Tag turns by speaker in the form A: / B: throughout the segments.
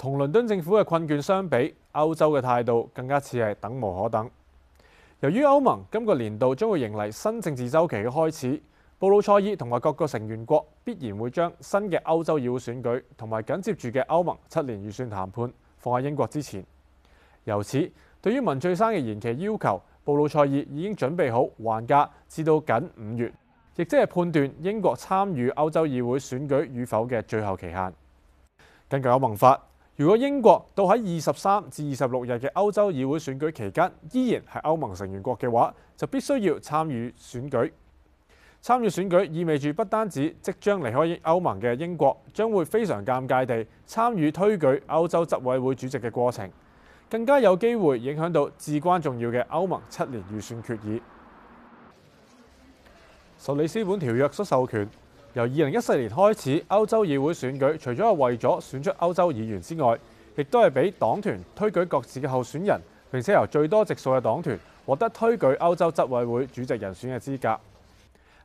A: 同倫敦政府嘅困倦相比，歐洲嘅態度更加似係等無可等。由於歐盟今個年度將會迎嚟新政治週期嘅開始，布魯塞爾同埋各個成員國必然會將新嘅歐洲議會選舉同埋緊接住嘅歐盟七年預算談判放喺英國之前。由此，對於文翠珊嘅延期要求，布魯塞爾已經準備好還價，至到緊五月，亦即係判斷英國參與歐洲議會選舉與否嘅最後期限。根據《歐盟法》。如果英國到喺二十三至二十六日嘅歐洲議會選舉期間，依然係歐盟成員國嘅話，就必須要參與選舉。參與選舉意味住不單止即將離開歐盟嘅英國，將會非常尷尬地參與推舉歐洲執委會主席嘅過程，更加有機會影響到至關重要嘅歐盟七年預算決議。受《里斯本條約》所授權。由二零一四年開始，歐洲議會選舉除咗係為咗選出歐洲議員之外，亦都係俾黨團推舉各自嘅候選人，並且由最多席數嘅黨團獲得推舉歐洲執委會主席人選嘅資格。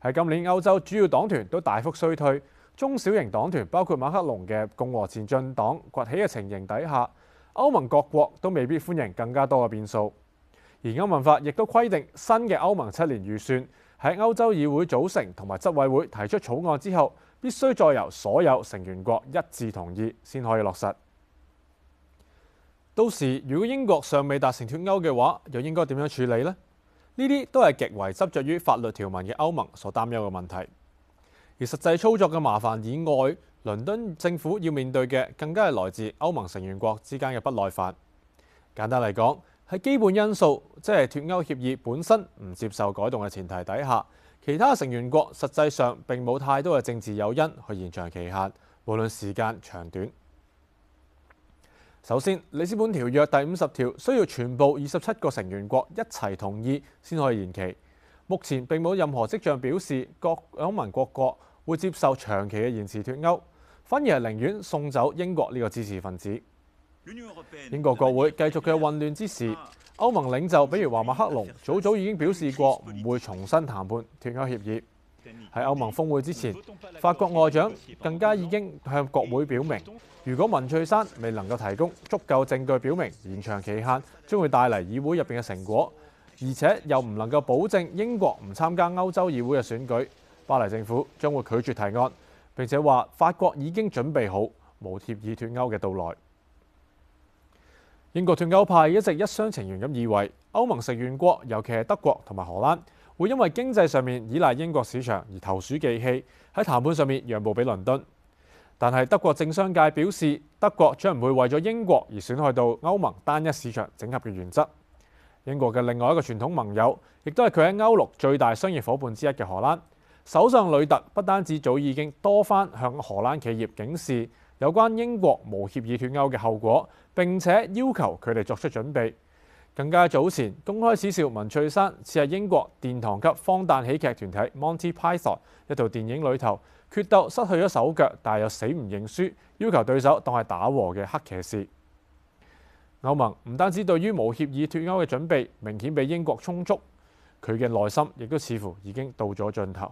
A: 喺今年歐洲主要黨團都大幅衰退，中小型黨團包括馬克龍嘅共和前進黨崛起嘅情形底下，歐盟各國都未必歡迎更加多嘅變數。而歐盟法亦都規定新嘅歐盟七年預算，喺歐洲議會組成同埋執委會提出草案之後，必須再由所有成員國一致同意先可以落實。到時如果英國尚未達成脱歐嘅話，又應該點樣處理呢？呢啲都係極為執着於法律條文嘅歐盟所擔憂嘅問題。而實際操作嘅麻煩以外，倫敦政府要面對嘅更加係來自歐盟成員國之間嘅不耐煩。簡單嚟講，喺基本因素，即係脱歐協議本身唔接受改動嘅前提底下，其他成員國實際上並冇太多嘅政治誘因去延長期限，無論時間長短。首先，里斯本條約第五十條需要全部二十七個成員國一齊同意先可以延期，目前並冇任何跡象表示各歐盟國國會接受長期嘅延遲脱歐，反而係寧願送走英國呢個知識分子。英國國會繼續嘅混亂之時，歐盟領袖比如華馬克龍早早已經表示過唔會重新談判脱歐協議。喺歐盟峰會之前，法國外長更加已經向國會表明，如果文翠山未能夠提供足夠證據表明延長期限將會帶嚟議會入面嘅成果，而且又唔能夠保證英國唔參加歐洲議會嘅選舉，巴黎政府將會拒絕提案。並且話法國已經準備好無協議脱歐嘅到來。英國脫歐派一直一廂情願咁以為歐盟成員國，尤其係德國同埋荷蘭，會因為經濟上面依賴英國市場而投鼠忌器，喺談判上面讓步俾倫敦。但係德國政商界表示，德國將唔會為咗英國而損害到歐盟單一市場整合嘅原則。英國嘅另外一個傳統盟友，亦都係佢喺歐陸最大商業伙伴之一嘅荷蘭，首相呂特不單止早已經多番向荷蘭企業警示。有關英國無協議脫歐嘅後果，並且要求佢哋作出準備。更加早前公開恥笑文翠珊似係英國殿堂級荒誕喜劇團體 Monty Python 一套電影裏頭，決鬥失去咗手腳，但又死唔認輸，要求對手當係打和嘅黑騎士。歐盟唔單止對於無協議脫歐嘅準備明顯比英國充足，佢嘅耐心亦都似乎已經到咗盡頭。